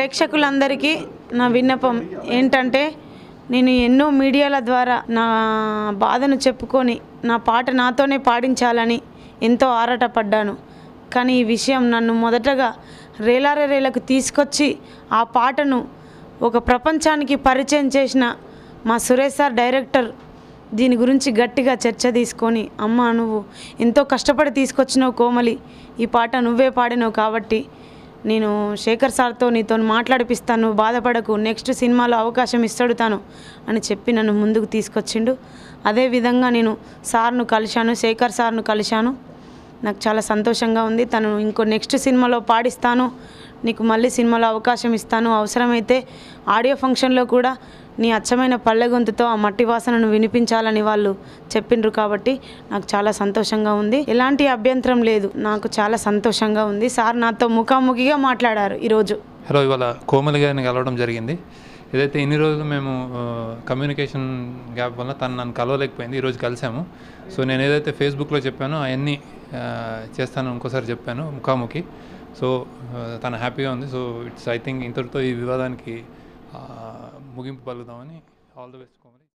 ప్రేక్షకులందరికీ నా విన్నపం ఏంటంటే నేను ఎన్నో మీడియాల ద్వారా నా బాధను చెప్పుకొని నా పాట నాతోనే పాడించాలని ఎంతో ఆరాటపడ్డాను కానీ ఈ విషయం నన్ను మొదటగా రేలారేలకు తీసుకొచ్చి ఆ పాటను ఒక ప్రపంచానికి పరిచయం చేసిన మా సురేష్ సార్ డైరెక్టర్ దీని గురించి గట్టిగా చర్చ తీసుకొని అమ్మ నువ్వు ఎంతో కష్టపడి తీసుకొచ్చినావు కోమలి ఈ పాట నువ్వే పాడినావు కాబట్టి నేను శేఖర్ సార్తో నీతో మాట్లాడిపిస్తాను బాధపడకు నెక్స్ట్ సినిమాలో అవకాశం ఇస్తాడు తాను అని చెప్పి నన్ను ముందుకు తీసుకొచ్చిండు అదేవిధంగా నేను సార్ను కలిశాను శేఖర్ సార్ను కలిశాను నాకు చాలా సంతోషంగా ఉంది తను ఇంకో నెక్స్ట్ సినిమాలో పాడిస్తాను నీకు మళ్ళీ సినిమాలో అవకాశం ఇస్తాను అవసరమైతే ఆడియో ఫంక్షన్లో కూడా నీ అచ్చమైన పల్లె గొంతుతో ఆ మట్టి వాసనను వినిపించాలని వాళ్ళు చెప్పిండ్రు కాబట్టి నాకు చాలా సంతోషంగా ఉంది ఎలాంటి అభ్యంతరం లేదు నాకు చాలా సంతోషంగా ఉంది సార్ నాతో ముఖాముఖిగా మాట్లాడారు ఈరోజు హలో ఇవాళ కోమలి గారిని కలవడం జరిగింది ఏదైతే ఇన్ని రోజులు మేము కమ్యూనికేషన్ గ్యాప్ వల్ల తను నన్ను కలవలేకపోయింది ఈరోజు కలిసాము సో నేను ఏదైతే ఫేస్బుక్లో చెప్పానో అవన్నీ చేస్తాను ఇంకోసారి చెప్పాను ముఖాముఖి సో తను హ్యాపీగా ఉంది సో ఇట్స్ ఐ థింక్ ఇంతటితో ఈ వివాదానికి ముగింపు పలుకుదామని ఆల్ ద బెస్ట్ కోమలి